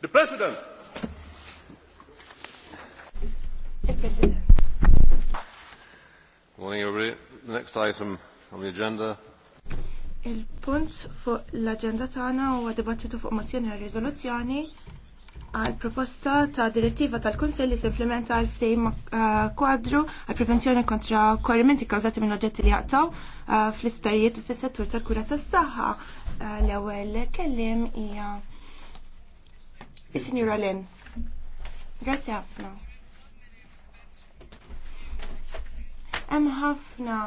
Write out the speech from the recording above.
The President. President. Morning, everybody. The next item on the agenda. Il-punt fuq l-agenda tagħna huwa dibattitu fuq mozzjoni għal riżoluzzjoni għal proposta ta' direttiva tal-Kunsell li timplementa għal ftehim uh, kwadru għal prevenzjoni kontra korrimenti kawżati minn oġġetti li jaqtaw uh, fl-isptarijiet fis-settur tal-kura tas-saħħa. Uh, l-ewwel kelliem hija Is-Sinjura Lin. Grazzi ħafna. Hemm ħafna